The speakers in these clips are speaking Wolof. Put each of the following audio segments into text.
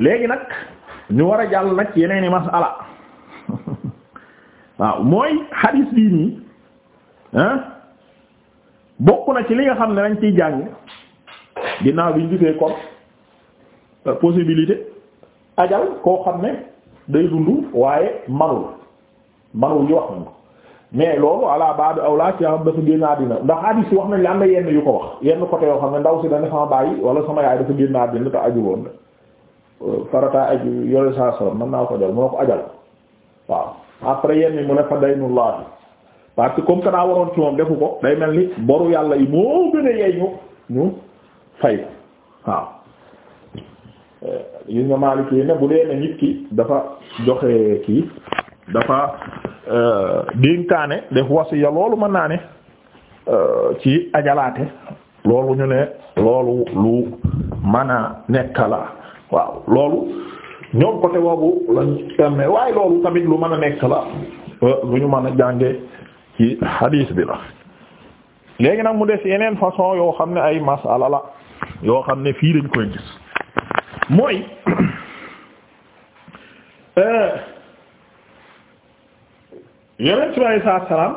léegi nag ñu war a jàll nag yeneen yi i masala waaw mooy hadis bii nii ah bokk na ci li nga xam ne dañ ciy jàng ginnaaw bi ñu gisee kon euh, possibilité ajal koo xam ne day dund waaye manul manul ñu wax nañ ko mais loolu ala baabi awla ci am dafa génn àddina ndax hadis yi wax nañ la am na yenn yu ko wax yenn côté yoo xam ne ndaw si dana sama bàyyi wala sama yaay dafa génn àddina te aju woon farata aj yore saa soxla mën naa ko jël mën na ko ajal waaw après yenn mu ne fa daynullahi parce que comme que daa waroon ci moom defu ko day mel ni boru yàlla yi moo gën a yey ñu ñu fay waaw. Eh, gis nga Maalik ne bu dee ne nit ki dafa joxe kii dafa eh, dénkaane def wasiya loolu mën naa ne eh, ci ajalaate loolu ñu ne loolu lu mën a nekk la. waaw loolu ñoom côté boobu lañ xamee waaye loolu tamit lu mën a nekk la euh, lu ñu mën a jànge ci hadis bi la. léegi nag mu des yeneen façon yoo xam ne ay masala la yoo xam ne fii lañ koy gis mooy yeneen si waaye saa salaam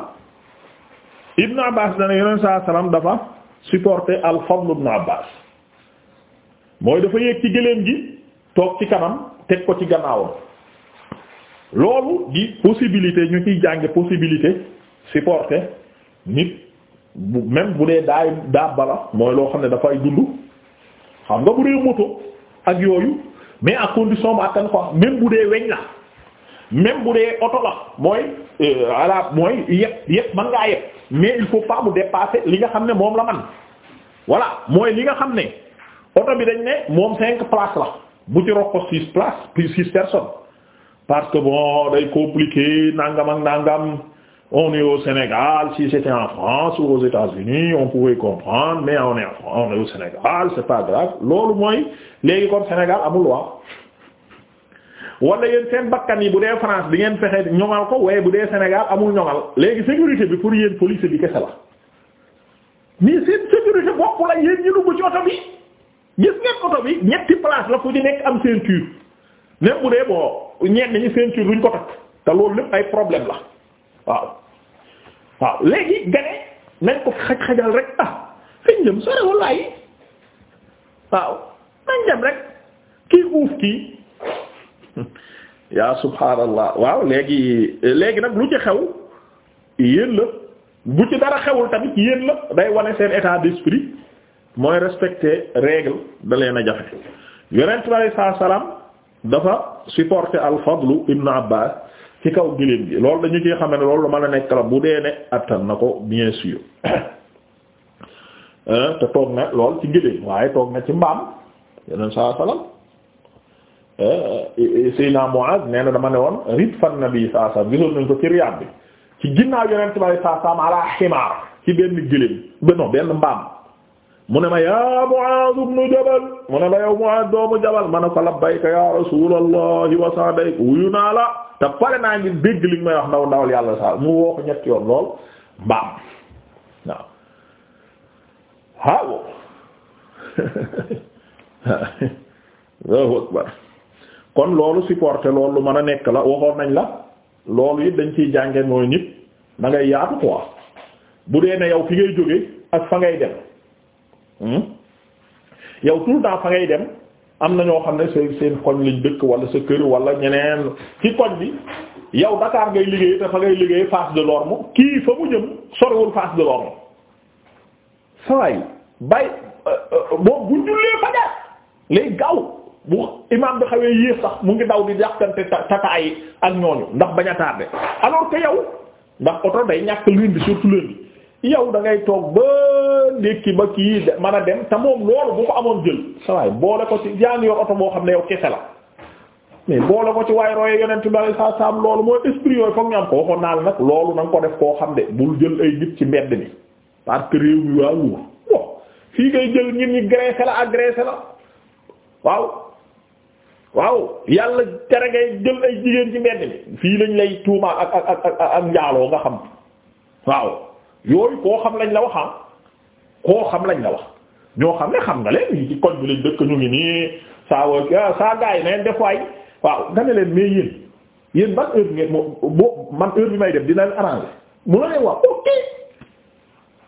Ibn Abbas dana yeneen saa salaam dafa supporter al ibn Abbas. mooy dafa yéeg ci gëléem gi toog ci kanam teg ko ci gannaawam loolu di possibilité ñu ciy jànge possibilité supporter nit bu même bu dee daay daa bala mooy loo xam ne dafay dund xam nga bu dee moto ak yooyu mais ak condition ba attan ko même bu dee weñ la même bu dee oto la mooy ala euh, mooy yépp yépp man ngaa yépp mais il faut pas mu dépasser li nga xam ne moom la man voilà mooy li nga xam ne oto bi dañ ne moom cinq places la bu ci rokko six places plus six personnes parce que bon day compliqué nangam ak nangam on est au Sénégal si c'était en France ou aux États-Unis on pouvait comprendre mais on est au Sénégal c'est pas grave loolu mooy léegi comme Sénégal amul loi wala yéen seen bakkan yi bu de France di ngeen fexe ñoŋal ko waaye bu dee Sénégal amul ñoŋal léegi sécurité bi pour yéen police bi kese la mais seen sécurité bopp la yéen ñu dugg ci oto gis ngeen oto bi ñetti place la fu di nekk am ceinture même bu dee boo ñeen nañu ceinture luñ ko takk te loolu lépp ay problème la waaw waaw léegi gane nañ ko xaj xajal rek ah fiñ jëm sore wallaay waaw nañ dem rek kii uuf kii yaa subhaanallah waaw léegi léegi nag lu ci xew yéen la bu ci dara xewul tamit yéen la day wane seen état d'esprit mooy respecte règle da leen a jafe yonent bi alayhi salaatu salaam dafa supporter al fadlu ibnu abbas ci kaw giléem gi loolu dañu ciy xam ne loolu mën a nekk la bu dee ne na ko bien sûr euh, toog na lool ci waaye toog na ci mbaam yonent saa salaam euh, Seydina Muaz nee na dama ne woon rit fan nabi saa salaam gisoon nañ ko ci riyaab bi ci ginnaaw yonent bi alayhi salaatu salaam ala ximaar ci benn giléem non benn mbaam mu ne ma yaa Mu'aaz ibnu Jabal mu ne ma yow Mu'aaz doomu Jabal ma ne ko labbayka yaa rasuulallahi wa sa'dayk wuyu naa la te pare naa ngi dégg li may wax ndaw ndawal yàlla sa mu woo ko ñetti yoon lool mbaam waaw hawo Allahu akbar kon loolu supporté loolu lu mën a nekk la waxoon nañ la loolu it dañ ciy jànge mooy nit da ngay yaatu quoi bu dee ne yow fi ngay jóge ak fa ngay dem Hmm? yow tout le temps fa ngay dem am na ñoo xam ne seen seen koñ lañ dëkk wala sa kër wala ñeneen ci koñ bi yow Dakar ngay liggéey te fa ngay liggéey Fass Delorme kii fa mu jëm soriwul Fass Delorme saway bay euh, euh, boobu bu jullee fajar lay gaaw bu imaam bi xawee yées sax mu ngi daw di yàqante tataay ak ñooñu ndax bañ a tardé alors que ndax oto day ñàkk lundi surtout lundi yow dangay toog ba ndékki ba kii mën a dem te moom loolu bu ko amoon jël sawaay boole ko ci yaa ngi yor oto boo xam ne yow kese la mais boole ko ci waaye roye yonent bi sa saa salam loolu mooy esprit yooyu foog ñu am ko waxoon na nga def koo xam de bul jël ay nit ci mbedd mi parce fii ngay jël ñin ñi graissé la agressé waaw yàlla tere ngay jël ay jigéen ci mbedd mi fii lañ lay tuuma ak ak ak ak njaaloo nga xam waaw yooyu koo xam lañ la wax ah koo xam lañ la wax ñoo xam ne xam nga leen ñii ci koñ bi lañ dëkk ñu ngi nii saa wa ah, saa gars yi neen def waay waaw nga ne leen mais yéen yéen ban heure bi man heure bi may def dina leen arranger mu la leen wax ok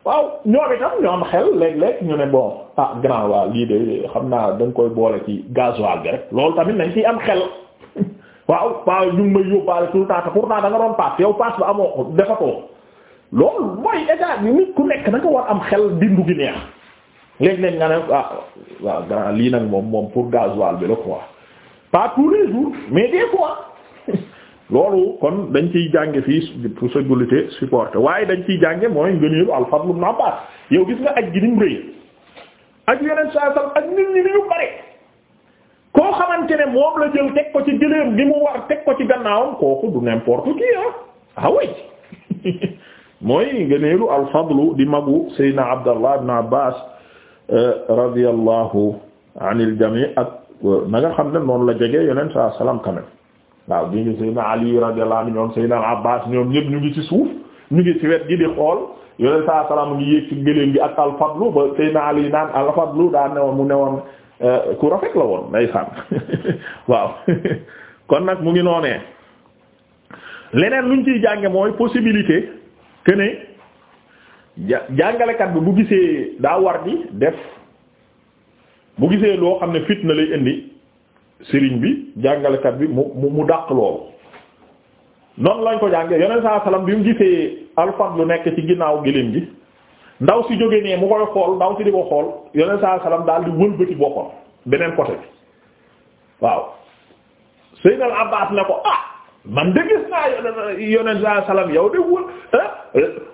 waaw ñoo itam ñoo am xel léeg-léeg ñu ne bon ah grand waaw lii de xam naa dañ koy boole ci gasoil bi rek loolu tamit nañ ciy am xel waaw waaw ñu ngi may yóbbaale tout le temps te pourtant da nga doon paas yow paas ba amoo defatoo loolu mooy état bi nit nekk da nga war am xel dindu gi neex léeg nga ne ah waaw grand lii nag moom moom pour gasoil bi la quoi pas les jours mais des fois loolu kon dañ ciy jànge fi pour sa jullite supporter waaye dañ ciy jànge mooy ngëneelu al-Fadl ibn Abbas yow gis nga aj gi rëy ak yeneen saa sam ak nit ñi ni ñu bare koo xamante ne moom la jël teg ko ci jëleem ni mu war teg ko ci gannaawam kooku du n'importe qui ah ah oui mooy ngëneelu alfadlu di magu saydna abdallah ibn abbas euh, radiallahu anil jami ak euh, na nga xam ne noonu la jege yoneen saa salaam quand même waaw di ngi saydna ali radiallahu anhu ñoom saydna abbas ñoom ñëpp ñu ngi ci suuf ñu ngi ci wet gi di xool yoneen saa salaam ngi yéeg ci gëléem gi ak alfadlu ba saydna ali naan alfadlu daa newoon mu newoon euh, ku rafet la woon nday saan waaw kon nag mu ngi noonee leneen luñ ciy jànge mooy possibilité que ne jàngalekat bi bu gisee daa war di def bu gisee loo xam ne fit na lay indi sëriñ bi jàngalekat bi mu mu mu dàq loolu noonu lañ ko jàngee yoneen saa salaam bi mu gisee alfadlu nekk ci ginnaaw gëléem gi ndaw si jóge nee mu koy xool ndaw si di ko xool yoneen saa salaam daal di wëlbati boppam beneen côté bi waaw Seydina Abbaas ne ko ah. man de gis naa yonent saa salaam yow de wul ah,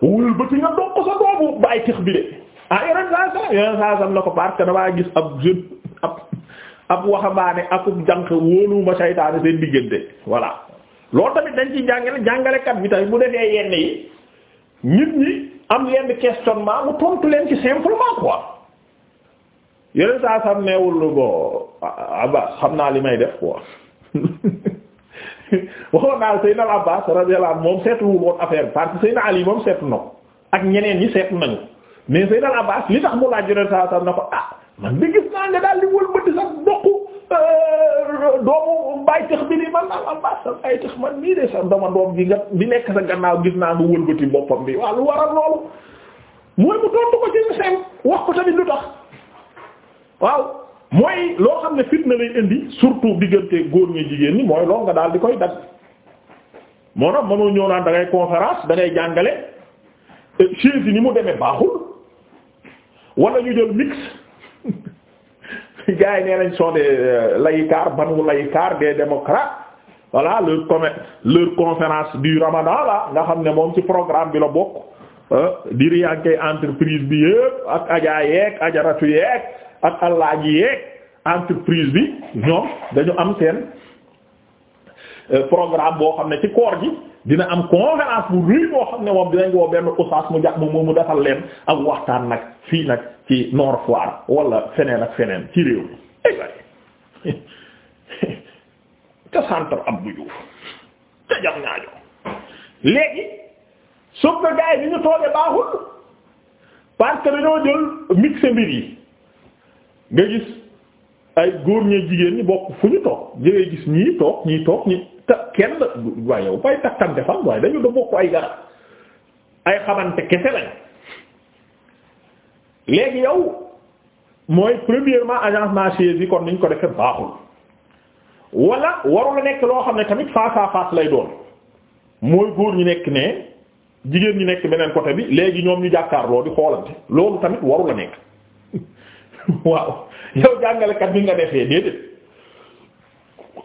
wul ba nga doq sa doomu bàyyi tex bi de ah yonent saa salaam yonent saa salaam na ko parce damaa gis ab jeune ab ab waxambaane akub jànq wóoluwuma saytaane seen diggante voilà. loolu tamit dañ ci jàngale jàngalekat bi tamit bu defee yenn yi nit ñi am yenn questionnement mu tontu leen ci simplement quoi yonent saa salaam neewul bon ah, ah, xam naa li may def quoi. waxoon naa Seydina Abbas radiyallahu anhu moom seetluwul woon affaire parce que Seydina moom seetlu na ak ñeneen ñi seet nañu mais Seydina Abbas li tax mu laaj yoneen saa saa na ko ah man de gis naa nga daal di wëlbati sax doq euh, doomu bàyyi tax bi nii man naa Abbas sa bàyyi tax man mii de sa dama doom gi nga bi nekk sa gannaaw gis naa nga wëlbati boppam bi waaw lu waral loolu mooy mu tontu ko ci ñu seen wax ko tamit lu tax waaw. mooy loo xam ne fitna lay indi surtout diggante góor ñi jigéen mooy loolu nga daal di koy dagg moo tax mënoo ñëw naan da ngay conférence da ngay jàngale chaise yi ni mu demee baaxul wala ñu jël mix gars yi nee nañ sont des euh, laïcards banu laïcards des démocrates voilà leur com leur conférence du ramadan la nga xam ne moom ci programme bi la bokk euh, di riyanke entreprise bi yëpp ak aja yeeg ajaratu ak àllaaji yeeg entreprise bi ñoom dañu am seen euh, programme boo xam ne ci koor gi dina am conférence bu rëy boo xam ne moom dinañ woo benn oustaz mu jax mu mu defal leen ak waxtaan nag fii nag ci Nord Foire wala feneen ak feneen ci réew ay waay ca centre Abdou Diouf ca jam ñaajo léegi soo ko gaay bi ñu toogee baaxul parce dañoo jël mixé mbir yi nga gis ay góor ñee jigéen ñi bokk fu ñu toog jëgee gis ñii toog ñii toog ñi ta kenn waaye yow bay takkante fan waaye dañu da bokk ay garab ay xamante kese lañ léegi yow mooy premièrement agencement chaise yi kon niñ ko defee baaxul wala waru la nekk loo xam ne tamit face à lay doon mooy góor ñi nekk ne jigéen ñi nekk beneen côté bi léegi ñoom ñu jàkkaarloo di xoolante loolu tamit waru la nekk waaw yow jàngalekat bi nga defee déedéet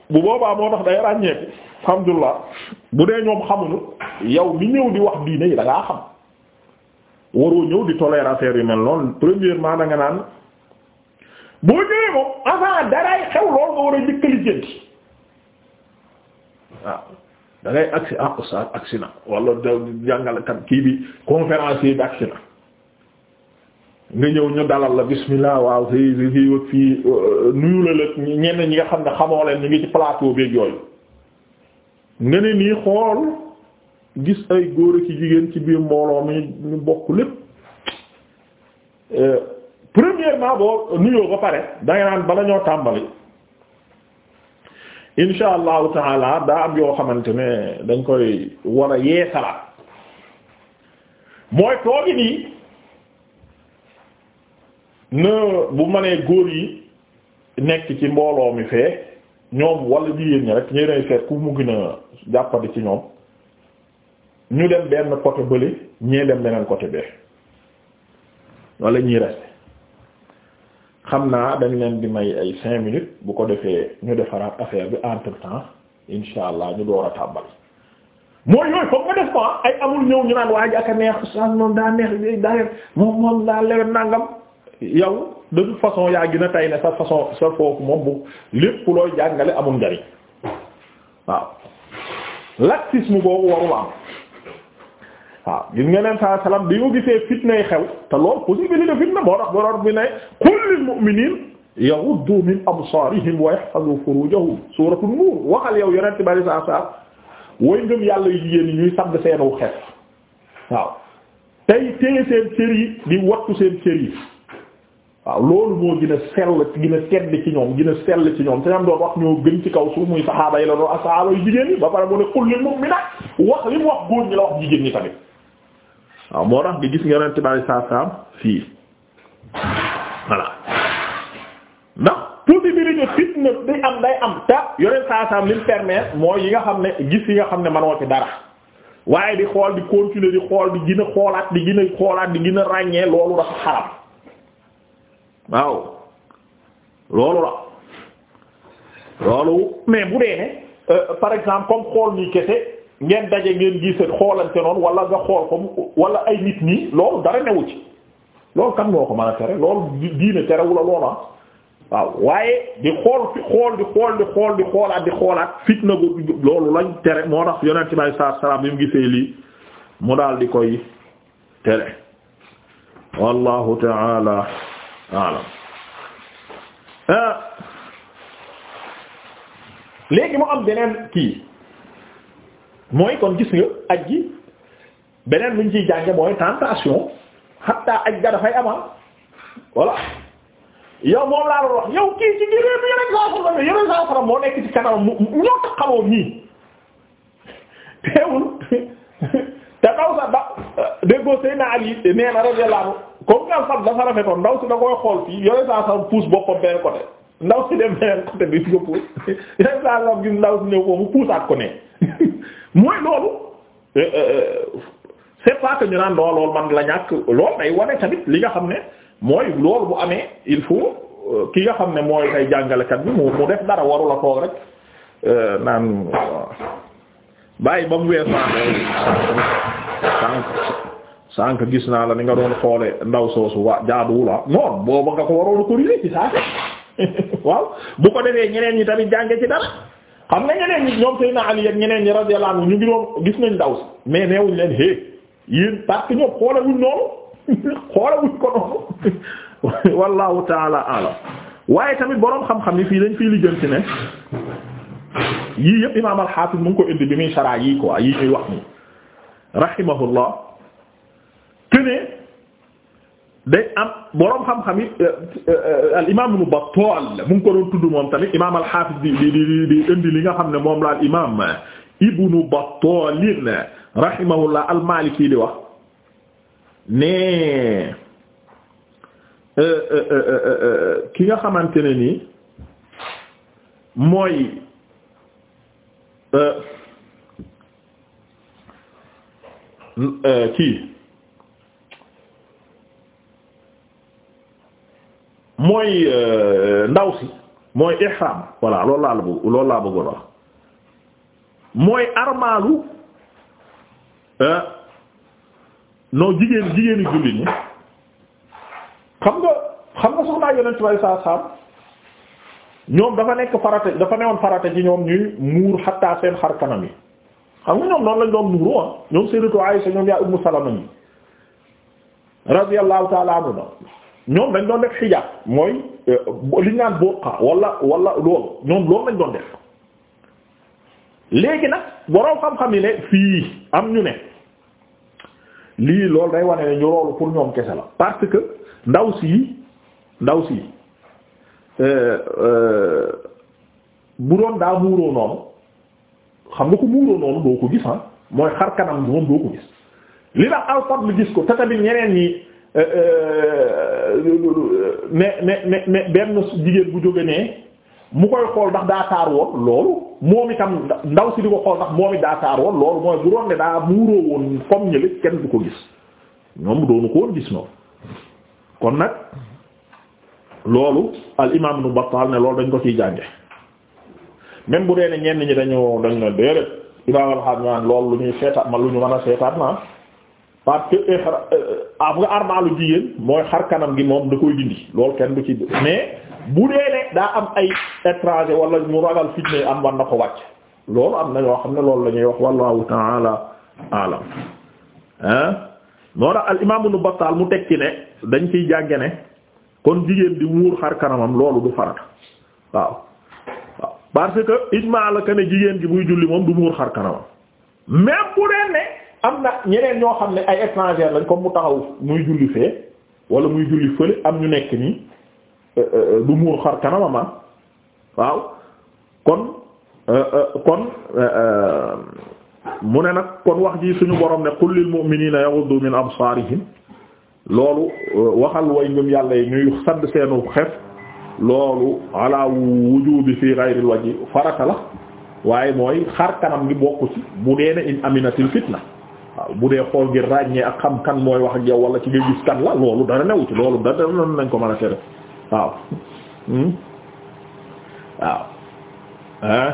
bu boobaa moo tax day ràññeeku alhamdulilah bu dee ñoom xamuñu yow bi ñëw di wax diine yi da xam waroo ñëw di tolérer affaire yu mel noonu premièrement da nga naan boo ñëwee moom avant daraay xew lool nga war a njëkk a lijjanti waaw da agsi ah oustaz agsi na wala jàngalekat kii bi conférencier bi agsi na. nga ñëw ñu dalal la bismillah waaw si si si fii euh, nuyu la lépp ñenn ñi nga xam ne xamoo leen ñu ngi ci plateau beeg yooyu nga ne nii xool gis ay góor ak jigéen ci biir mbooloo mi ñu bokk lépp euh, premièrement boo nuyoo ba pare da naan bala ñoo tàmbali insha allahu taala daa am yoo xamante ne dañ koy war yeesalaat mooy toogi nii. ne bu ma nee góor yi nekk ci mbooloo mi fee ñoom wala jigéen ñi rek ñeneen feet ku mu gën a jàppandi ci ñoom ñu dem benn côté bële ñee dem beneen côté bee wala ñii reste xam naa dañ leen di may ay cinq minutes bu ko defee ñu defaraat affaire bi entre temps insha allah ñu door a tàmbali mooy yooyu foog nga def ko ay amul ñëw ñu naan waa ji ak saa noonu daa neex daa moom moom daa lewet nangam yow de toute façon yaa gën a tay ne sa façon sa foofu moom bu lépp looy jàngale amul njariñ waaw laxisme boobu warul am waaw gis nga neen saa bi mu gisee fitnay xew te lool possibilité fitna moo tax borom bi ne qul lil mu'miniin yaghuddu min absaarihim wa yahfazu furuujahum suuratul nuur waxal yow yonent bari saa saa way ngëm yàlla yu jigéen ñuy sàdd seenu xef waaw tey téye seen cër yi di wattu seen cër yi waaw loolu moo gën a sell gën a tedd ci ñoom gën a sell ci ñoom te ñam doon wax ñoo gën ci kaw suuf muy saxaaba yi la doon ak saxaaba yu jigéen ñi ba pare mu ne xul lil mu'mina wax li mu wax góor ñi la wax jigéen ñi tamit waaw moo tax di gis nga yonent bi fii voilà ndax possibilité fitna am day am te yonent yi nga xam ne gis yi nga xam ne manoo ci dara waaye di xool di continuer di xool di gën a xoolaat di gën a xoolaat di gën a ràññee loolu dafa xaram waaw loolu la loolu mais bu dee ne euh, par exemple comme xool nii kese ngeen daje ngeen gisee xoolante noonu wala nga xool comme wala ay nit nii loolu dara newu ci loolu kan moo ko mën a tere loolu diine terewu la loolu ah. waaw waaye di xool xool di xool di xool di xoolaat di xoolaat fitna gu loolu lañ tere moo tax yonent bi sallallahu bi mu gisee lii mu daal di koy tere wallahu ta'ala waaw euh, léegi mu am beneen kii mooy kon gis nga aj gi beneen luñ ciy jànge mooy tentation hatta aj ga dafay amal voilà yow moom laa doon wax yow kii ci diréem yeneen saa soxla yeneen saa soxla moo nekk ci kanam mu ñoo tax xamoo nii teewul te kaw sax ba euh, déggoo Seydina Ali nee na radiyallahu comme ngal fat dafa rafetoon ndaw si da koy xool fii yooyu saa sam puus boo benn côté ndaw si dem benn côté bi ko puus yooyu saa sam gis ndaw si ñëw foofu puusaat ko ne mooy loolu euh, euh, euh, c'est pas que ñu naan lool lool man la ñàkk lool day wane tamit li nga xam ne mooy loolu bu amee il faut ki nga xam ne mooy tay jàngalekat bi mu mu def dara waru la toog rek naan bàyyi ba mu weer sànq sànq sànq gis naa la ni nga doon xoole ndaw soosu waa la ah. noon booba nga ko waroon corriger ci saake waaw bu ko defee ñeneen ñi tamit jànge ci dara xam nga ñeneen ñi ñoom Seydina Ali ak ñeneen ñi radiyallahu anhu ñu ngi doon gis nañ ndaw si mais neewuñ leen hé yéen parce que ñoom xoolewuñ noonu xoolewuñ ko noonu wallahu taala alam waaye tamit boroom xam-xam yi fii dañ fii li si ci ne yii yëpp imaam al-Hafiz ko indi bi muy saraa yii quoi yii ñuy wax nii rahimahullah këne day am boroom xam-xam yi euh, euh, al imaam Ibn Battal mu ngi ko doon tudd moom tamit imaam al xaafis di di di di indi li nga xam ne moom la al imaam Ibn Battal rahimahullah al Maliki di wax ne euh, ki nga xamante ne nii mooy kii. mooy euh, ndaw si mooy ihram voilà loolu laa la bëgg loolu laa bëggoon wax mooy armaalu euh, non jigéen jigéeni jullit ñi xam nga xam nga soxnaa yonent bi saa saam ñoom dafa nekk farata dafa newoon farata ci ñoom ñuy muur xattaa seen xar kanam yi xam nga ñoom noonu lañ doon muuru ah ñoom Sayyidatu Aisha ñoom yaa Ummu Salama ñi radiyallahu ta'ala anha ñoom dañ doon def xijaab mooy euh, li ñu naan burqa wala wala loolu ñoom loolu lañ doon def léegi nag boroom xam-xam yi ne fii am ñu ne lii lool day wane ne ñu loolu pour ñoom kese la parce que ndaw si ndaw si euh, euh, bu doon daa muuroo noonu xam nga ko muuroo noonu doo ko gis ah mooy xar kanam moom doo ko gis li tax al-Fadl gis ko te tamit ñeneen ñi. ne ne ne ne benn jigéen bu jóge ne mu koy xool ndax daa taar woon loolu moom itam ndaw si di ko xool ndax moom it daa taar woon loolu mooy bu doon ne daa muuroo woon comme ñële kenn du ko gis ñoom doonu ko woon gis noonu kon nag loolu al imaam Ibn Battal ne loolu dañ ko ciy jànge même bu dee ne ñenn ñi dañu dañ ne déedéet imaam al loolu lu ñuy seetaat ma lu ñu mën a seetaat naa parce que euh, euh, ah, am nga armaalu jigéen mooy xar kanam gi moom da koy dindi loolu kenn du ci mais bu dee ne daa am ay étranger wala mu ragal fitne am war na ko wàcc loolu am na ñoo xam ne loolu lañuy wax wallahu ta'ala alam ah moo tax al imam Ibn Battal mu teg ci ne dañ ciy jànge ne kon jigéen di muur xar kanamam loolu du farata waaw parce que ijma la que ne jigéen gi buy julli moom du muur xar kanamam même bu dee ne am na ñeneen ñoo xam ne ay étranger lañ comme mu taxaw muy julli fee wala muy julli fële am ñu nekk nii euh, euh, du muur xar kanamam ah. waaw kon euh, kon mu ne nag kon wax ji suñu borom ne qul lil mu'minina yaghuddu min absarihim loolu waxal way ngëm yàlla yi ñuy sadd seenu xef loolu ala wujubi fi ghayril wajhi farata la waaye mooy xar kanam gi bokku ci bu dee ne in aminatil fitna waaw bu dee xool ngir ràññee ak xam kan mooy wax ak yow wala ci nga gis kan la loolu dara newu ci loolu dara noonu nañ ko mën a tere waaw hmm? waaw eh,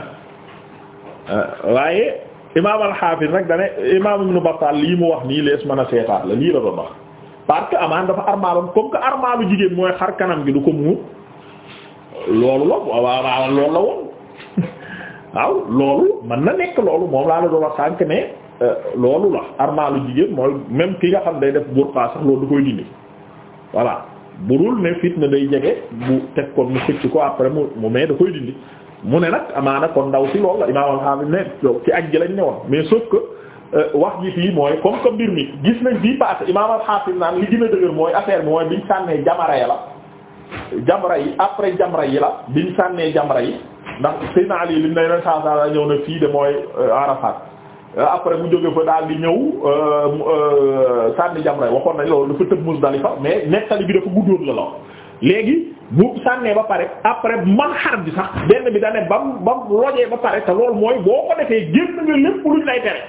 waaye imaam al-Hafiz nag dane imaam Ibn Battal lii mu wax nii lees mën a seetaan la lii la doon wax parce amaan dafa armaalom comme que armaalu jigéen mooy xar kanam gi du ko muur loolu la waaw loolu la woon waaw loolu mën na nekk loolu moom laa la doon wax sànk ne Euh, loolu la armaalu jigéen mooy même ki nga xam day def burqa sax loolu da koy dindi voilà burul ne fitna day jege bu teg kon mu xëcc ko après mu mu da koy dindi mu ne nag amaana kon ndaw si loolu la imaam alxames ne ci aj ji lañ ne woon mais sauf que euh, wax ji fii mooy comme que mbir mi gis nañ bii passé imaam alxames naan li gën a dëgër mooy affaire bi mooy biñ sànnee jamara ya la jamra yi après jamra yi la biñ sànnee jamra yi ndax Seydina Ali lim Euh, après mu jóge fa daal di ñëw euh, euh, sànni jamra waxoon nañ loolu dafa tëb Muzdalifa mais nettali bi dafa guddoon la lool léegi bu sànnee ba pare après manxar bi sax benn bi da ne ba bam lojee ba pare te loolu mooy boo ko defee génn nga lépp luñ lay tere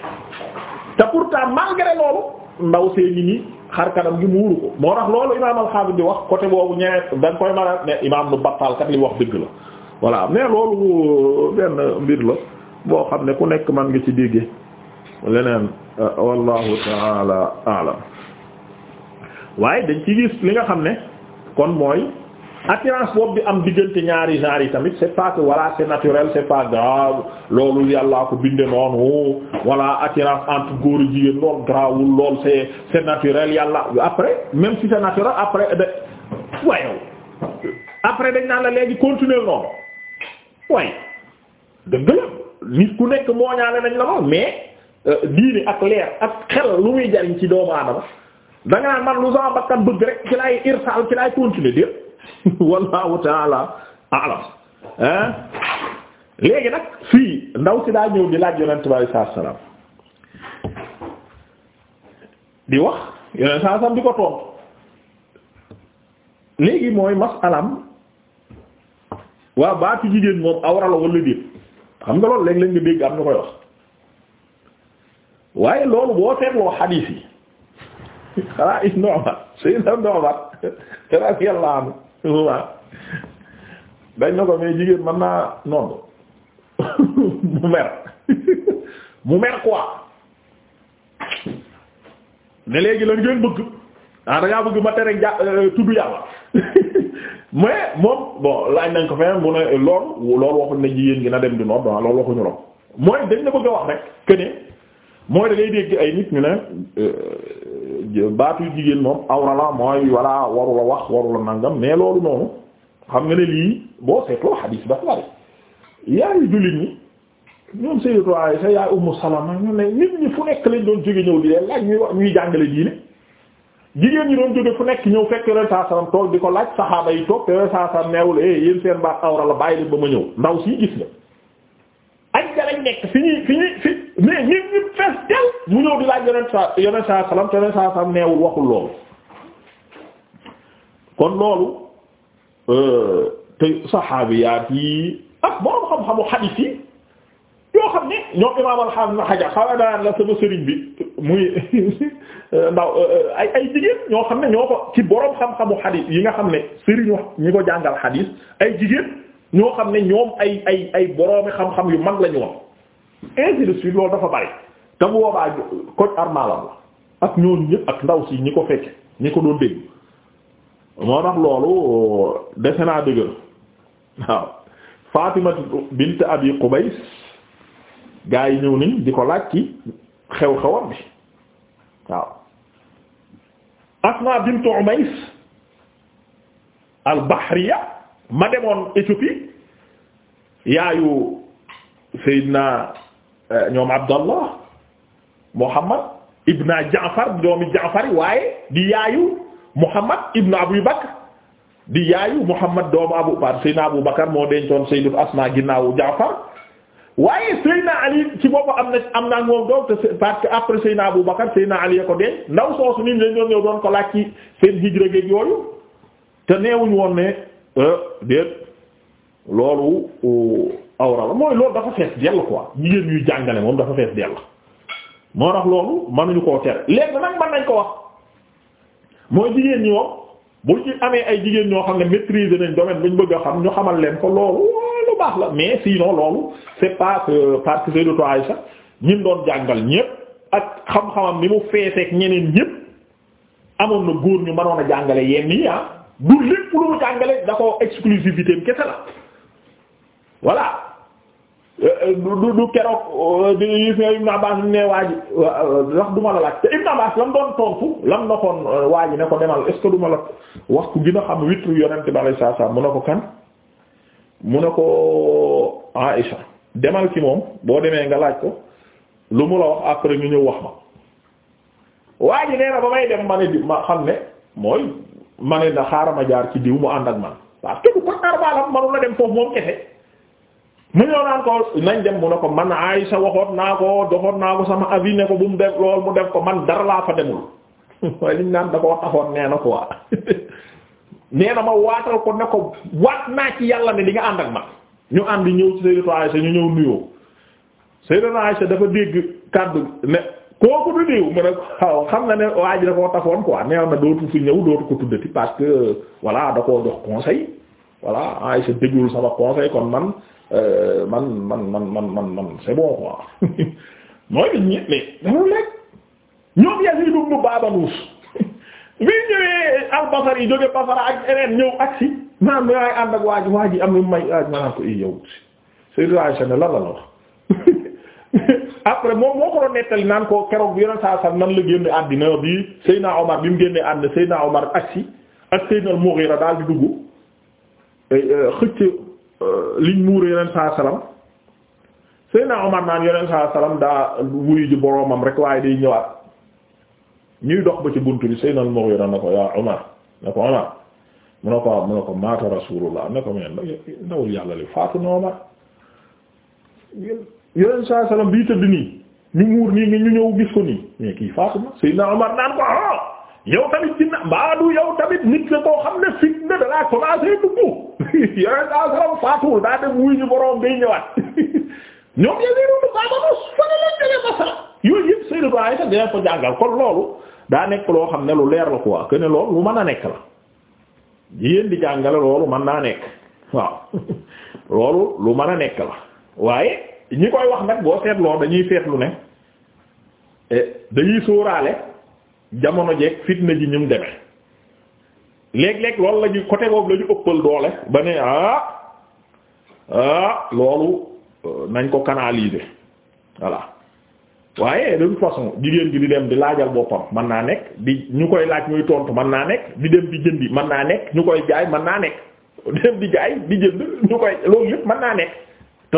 te pourtant malgré loolu ndaw see nit ñi xar kanam gi muuru ko moo tax loolu imaam al-Xaafis di wax côté boobu ñeneen dañ koy mën a ne imaam nu Battaal kat wax dëgg la voilà mais loolu benn mbir la boo xam ne ku nekk man nga ci déggee. leneen eh, wallahu taala alam waaye dañ ci gis li nga xam ne kon mooy attirance boobu bi am diggante ñaari genre yi tamit c'est pas que voilà c'est naturel c'est pas grave loolu yàllaa ko binde noonu voilà attirance entre góor a jigéen lool grawul lool c'est c'est naturel yàlla après même si c'est naturel après eh dañ naan la léegi continuer noonu way dëgg la nit ku nekk mooñaale nañ la ma mais Euh, diine ak leer ak xel lu muy jariñ ci doomu aadama da nga naan man lu sama bakkan bëgg rek ci laay irsaal ci laay continuer déet wallahu taala alam ah léegi nag fii ndaw si daa ñëw di laaj yonent bi alayhi salaam di wax yonent saa salaam di ko tontu léegi mooy masalaam waa baatu jigéen moom awra la wala déet xam nga lool léeg-léeg nga dégg am na koy wax. waaye loolu boo seetloo xadiis yi xanaa Ibnu Umar Sayyidna Ibnu Umar radiyallahu anhu dañ na ko mais jigéen mën naa nodd mu mer mu mer quoi ne léegi lan ngeen bëgg ah da ngaa bëgg ma tere ja euh, tudd yàlla mais moom bon laaj nañ ko feneen bu ne loolu loolu waxuñ ne jigéen gi na dem di nodd ah, loolu waxuñu lool mooy dañ na bëgg a wax rek que mooy da dégg ay nit ñu ne euh, euh, baatu jigéen moom awra la mooy walla warula wax warula nangam mais loolu noonu xam nga ne lii boo seetloo xadiis dafa bari yaayu jullit ñi ñoom Sayyidatu Aysa yaay Ummu Salama ñu ne nit ñi fu nekk lañ doon jóge ñëw di leen laaj ñuy wax ñuy jàngale diine jigéen ñi doon jóge fu nekk ñëw fekk yoneen saa salam toog di ko laaj saxaaba yi toog te yoneen saa salam neewul eh seen baat awra la bàyyi leen ba ma ñëw ndaw si gis nga nekk fi ñuy fi ñuy fi mais ñi ñi fees del mu ñëw di laaj yonent sa yonent saa salaam te saa salaam neewul waxul loolu kon loolu euh, te saxaabiyaat yi ak boroom xam-xamu xadiis yi xam ne ñoom imaam al-Hafiz na la sama sëriñ bi muy euh, ay ay ñoo xam ne ñoo ko ci boroom xam-xamu xadiis yi nga xam ne sëriñ wax ñi ko jàngal xadiis ay jigéen ñoo xam ne ñoom ay ay ay boroomi xam-xam yu mag lañu wax ainsi de loolu dafa bari te bu boobaa koñ la ak ñooñu ñëpp ak ndaw si ñi ko fekke ñi ko doon dégg moo tax loolu dese naa dëgër waaw Fatima bint Abi Qubays gaa yi ñëw nañ di ko laaj ci xew-xewam bi waaw Asma bint Umays al ma demoon Éthiopie yaayu Seydina Euh, ñoom abdallah muhammad ibna jaafar doomi jaafar waaye di yaayu muhammad ibna abu bakr di yaayu muhammad doomu abu bakr sayna abu bakr moo dencoon sayyidatu asma ginnaawu jaafar waaye sayna ali ci boppu am na am naa moom doom te parce que après sayna abu bakr sayna ali ya ko ndaw soosu nit lañ doon ñëw doon ko laaj ci seen hijra géeg yooyu te neewuñ woon ne euh, déet loolu euh, awra la mooy loolu dafa fees dell quoi jigéen ñuy jàngale moom dafa fees dell moo tax loolu mënuñu koo tere léegi nag mën nañ ko wax mooy jigéen ñi moom bu ñu amee ay jigéen ñoo xam ne maîtriser nañ domaine bu ñu bëgg a xam ñu xamal leen ko loolu lu baax la mais sinon loolu c'est pas que parce que de toi sax doon jàngal ñépp ak xam-xamam ni mu feeseek ñeneen ñépp amoon na góor ñu mënoon a jàngale yenn yi ah du lépp lu mu jàngale da ko du du keroog euh, yi fi Ibn Abbas ñu ne waa ji euh, wax la laaj te Ibn Abbas lam doon tontu lam noxoon euh, waa ji ne ko demal est-ce que du ma la wax ku a xam mu ne ko kan mu ne ko Aïcha demal ci moom boo demee nga laaj ko lu mu la wax après ñu ñëw wax ma waa nee na ba may dem ma xam ne mooy ma ne na xaaral ma jaar ci diw mu ànd ak man parce que bu ko baalam manu la dem foofu moom kese. mu ñëw naan ko nañ dem mu ne ko man Aysa waxoon naa ko doxoon naa ko sama avis ne ko bu mu def def ko man dara laa fa demul waaye liñ naan da ko taxoon nee na quoi nee na ma waatal ko ne ko yàlla ne nga ànd ak ma ñu ànd ñu ñëw nuyoo dafa dégg kàddu ne kooku du néew mu ne xam nga ne waa ji da koo taxoon quoi neew na dootu fi ñëw ko tuddati parce que voilà da koo jox conseil voilà Aysa déglul sama conseil kon man Euh, man man man man man man c'est bon quoi mooy dañ ñi ne dañu lekk ñoom Yaziid ibn ah, ko i eh, yow Sayyida Aisha ne la la wax après moom moo ko nettali naan ko keroog yeneen saa sax nan la génne àddina bi Seydina Omar bi mu génnee àddina Seydina Omar agsi ak Seydina Mughira daal di dugg eh, eh, liñ muur yeneen saa salaam Seydina Omar naan yeneen saa salaam daa wuyu ji boroomam rek waaye day ñëwaat ñuy dox ba ci bunt bi Seydina Mughira na ko yaa Omar na ko Omar mu ne ko mun ne ko maata Rasulullah ne ko meen ndawul yàlla li faatu na Omar yeneen saa salaam bii tëdd nii ñu muur nii nga ñu ñëw gis ko nii mais kii faatu na Seydina Omar naan ko ah. yow tamit ci nit la koo xam ne fitna da laa commencé dugg yore saa salaam faatuwul daa dem wuy faa ba mos fan la ñu jëlee masala yooyu yëpp Seydou Ba ay sax dinañ ko jàngal kon loolu daa nekk loo xam ne lu leer la quoi lu mën a nekk la di jàngale mën naa nekk waaw lu mën a nekk la waaye ñi koy wax nag boo seetloo dañuy seetlu ne eh, dañuy sóoraale. jamono jeeg fitna ji ñum demee léeg-léeg loolu la côté boobu la ñu ëppal doole ba ne ah ah loolu euh, nañ ko canaliser voilà waaye de toute façon jigéen bi di dem di laajal boppam mën naa nekk di ñu koy laaj muy tontu mën naa nekk di dem di jëndi mën naa nekk ñu koy jaay mën naa nekk dem di jaay di jënd ñu koy loolu yëpp mën naa nekk.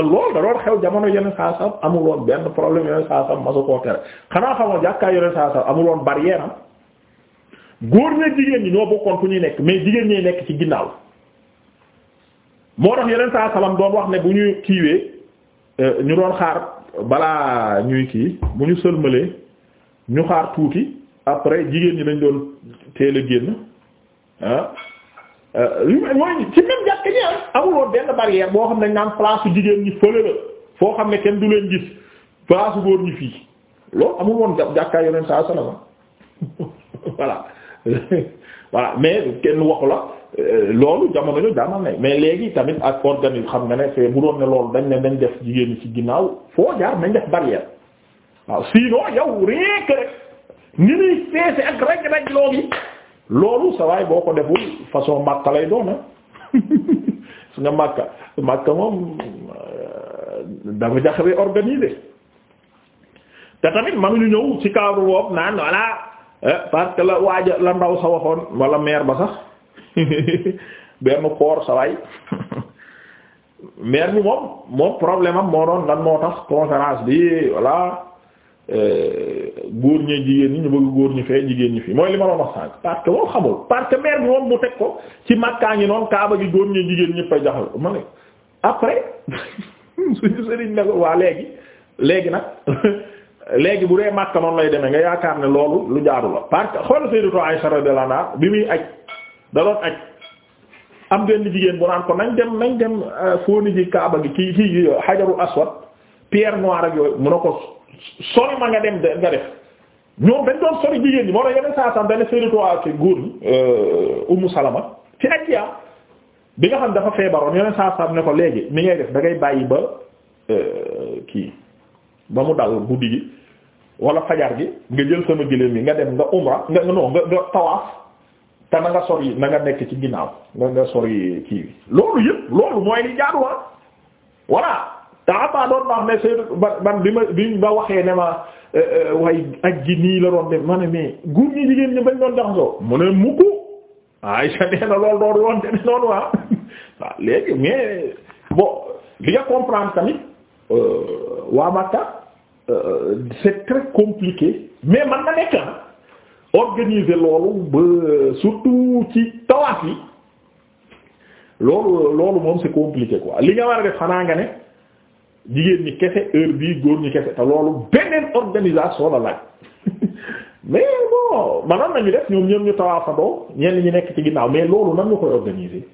lool loolu da doon xew jamono yenn saa sam amuloon benn problème yeneen saa sam masu koo tere xanaa xamoo jàkkaay yeneen saa sam amuloon barrière am góor ñeeg jigéen ñi ñoo bokkoon fu ñuy nekk mais jigéen ñee nekk ci ginnaaw moo tax yeneen saa salam doon wax ne bu ñu kiiwee euh, ñu doon xaar balaa ñuy kii bu ñu sëlmalee ñu xaar tuuti après jigéen ñi dañ doon teel a génn ah. Euh, mooy ci même jàkk ñi ah amuloon benn barrière boo xam ne dañ naan place su jigéen ñi fële foo xam ne kenn du leen gis place góor ñi fii loolu amul woon jàkkaay yoneen saa salama voilà voilà mais kenn waxu la euh, loolu jamono ñu jaamal na mais léegi tamit ak organisme xam nga ne fee bu doon ne loolu dañ ne dañ def jigéen ñi ci ginnaaw foo jaar nañ def barrière waaw sinon yow réek rek ngi nuy feese ak raj raj loogi loolu sa boo ko deful façon makka lay doona ah. su nga makka makka moom euh, dafa jaxawee organisé te tamit mënuñu ñëw ci cadre boobu naan voilà euh, parce que la waaja la ndaw sa waxoon wala maire ba sax benn koor sa maire bi moom moom problème am moo doon lan moo tax conférence bi voilà euh, góor ñee jigéen ñi ñu bëgg góor ñi fee jigéen ñi fii mooy li ma doon wax sànq parce que loolu xamul parce que maire bi moom mu teg ko ci makkaa ngi noonu kaaba gi góor ñee jigéen ñëpp a jaxal ma ne après suñu sëriñ ne ko waa léegi léegi nag léegi bu dee makka noonu lay demee nga yaakaar ne loolu lu jaadu la parce que xool Sayyidatu Aisha radiyallahu anha bi muy aj da doon aj am benn jigéen bu naan ko nañ dem nañ dem euh, fóoni ji kaaba gi kii kii xajaru aswad pierre noire ak yooyu mun na ko sori ma nga dem nga def ñoom dañ doon sori jigéen ñi moo tax yeneen saa sàn dañ ne séeréer ci góor yaa bi nga xam dafa feebaroon yeneen saa sàn ne ko léegi mi ngay def da ngay bàyyi ba euh, kii ba mu dal guddi gi wala fajar gi nga jël sama gëléem yi nga dem nga umra nga non nga nga tawaaf na nga sori na nga nekk ci ginnaaw nga kii bi loolu yëpp loolu mooy li jaaduwaat voilà. te Atta doon na wax ne Seydou man bi ma bi ma waxee ne ma eh, eh, waaye aj gi nii la doon def ma mais góor ñi jigéen ñi bañ doon jaxasoo mu ne mukk Aysa nee na loolu doon woon deme noonu ah. léegi mais bon li nga euh, euh, compliqué mais man na nekk ah, na loolu ba surtout ci tawaaf yi loolu loolu moom c'est compliqué quoi li nga war a def xanaa nga ne. jigéen ñi kese heure bii góor ñi kese te loolu beneen organisation la laaj mais bon manoon nañu def ñoom ñoom ñu tawaafandoo ñeen ñi nekk ci ginnaaw mais loolu nan nga koy organiser